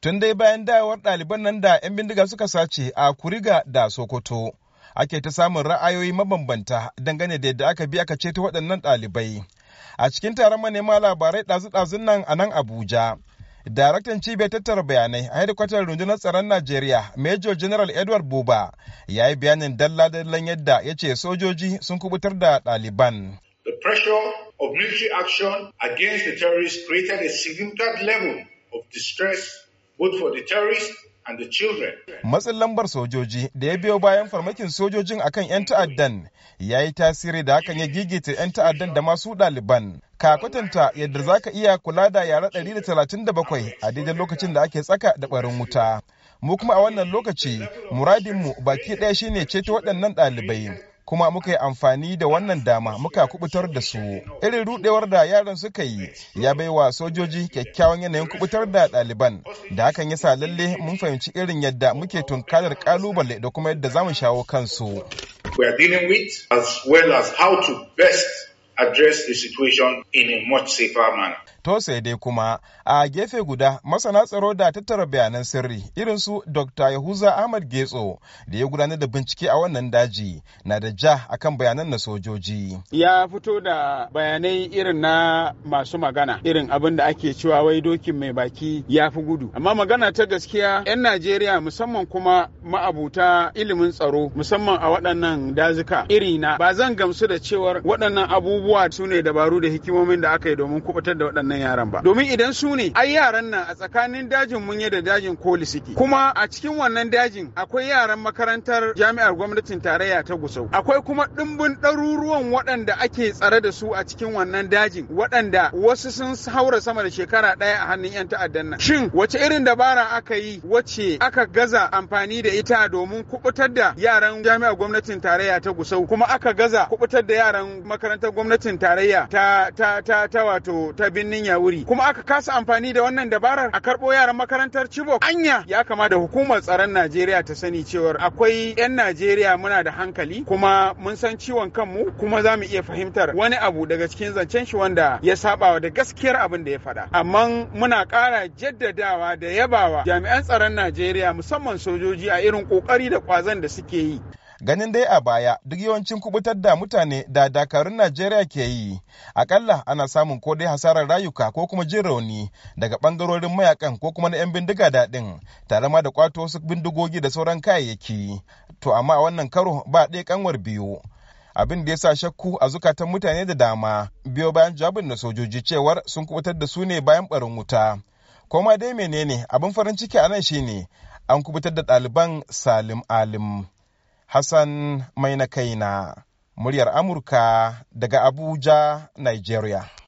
tun dai bayan dayawar ɗaliban nan da 'yan bindiga suka sace a kuriga da sokoto ake ta samun ra'ayoyi mabambanta dangane da yadda aka bi aka ceto waɗannan ɗalibai a cikin taron manema labarai ɗazu-ɗazun nan a nan abuja daraktan cibiyar tattara bayanai a hedikwatar rundunar tsaron najeriya major general edward buba ya yi bayanin dalla-dallan yadda ya ce sojoji sun kubutar da ɗaliban The pressure of military action against the terrorists created a significant level of distress both for the terrorists and the children. Matsin lambar sojoji da ya biyo bayan farmakin sojojin akan 'yan ta'addan ya yi tasiri da hakan ya gigita 'yan ta'addan da masu ɗaliban. Ka kwatanta yadda za ka iya kula da yara 137 a daidai lokacin da ake tsaka da ɓarin wuta. Mu kuma a wannan lokaci muradinmu baki ɗaya shine ceto waɗannan ɗalibai. kuma muka yi amfani da wannan dama muka kubutar da su irin rudewar da yaron suka yi ya bai wa sojoji kyakkyawan yanayin kubutar da ɗaliban da hakan ya sa lalle mun fahimci irin yadda muke tunkarar kalubale da kuma yadda zamu shawo kansu we are dealing with as well as how to best address the situation in a much safer manner To sai dai kuma a gefe guda masana tsaro da tattara bayanan sirri irin su Dr. Yahuza Ahmad Getso da ya gudanar da bincike a wannan daji na da ja akan bayanan na sojoji. Ya fito da bayanai irin na masu magana irin abin da ake cewa wai dokin mai baki ya fi gudu. Amma magana ta gaskiya 'yan Najeriya musamman kuma ma'abuta ilimin tsaro musamman a waɗannan dazuka iri na ba zan gamsu da cewar waɗannan abubuwa su ne dabaru da hikimomin da aka yi domin kubutar da waɗannan waɗannan yaran ba domin idan su ne ai yaran nan a tsakanin dajin munye da dajin koli suke kuma a cikin wannan dajin akwai yaran makarantar jami'ar gwamnatin tarayya ta gusau akwai kuma ɗimbin ɗaruruwan waɗanda ake tsare da su a cikin wannan dajin waɗanda wasu sun haura sama da shekara ɗaya a hannun 'yan ta'addan nan shin wace irin dabara aka yi wace aka gaza amfani da ita domin kubutar da yaran jami'ar gwamnatin tarayya ta gusau kuma aka gaza kubutar da yaran makarantar gwamnatin tarayya ta ta ta, ta wato ta binni birnin Yawuri kuma aka kasa amfani da wannan dabarar a karɓo yaran makarantar Chibok anya ya kama da hukumar tsaron Najeriya ta sani cewar akwai 'yan Najeriya muna da hankali kuma mun san ciwon kanmu kuma za mu iya fahimtar wani abu daga cikin zancen shi wanda ya sabawa da gaskiyar abin da ya faɗa amma muna ƙara jaddadawa da yabawa jami'an tsaron Najeriya musamman sojoji a irin ƙoƙari da ƙwazon da suke yi ganin dai a baya duk yawancin kubutar da mutane da dakarun najeriya ke yi akalla ana samun ko dai hasarar rayuka ko kuma jin rauni daga bangarorin mayakan ko kuma na 'yan bindiga daɗin tare ma da kwato su bindigogi da sauran kayayyaki to amma a wannan karo ba ɗaya kanwar biyu abin da ya sa shakku a zukatan mutane da dama biyo bayan jawabin na sojoji cewar sun kubutar da su ne bayan barin wuta koma dai menene abin farin ciki a nan shine an kubutar da ɗaliban salim alim Hassan Mainakaina, muryar Amurka daga Abuja, Nigeria.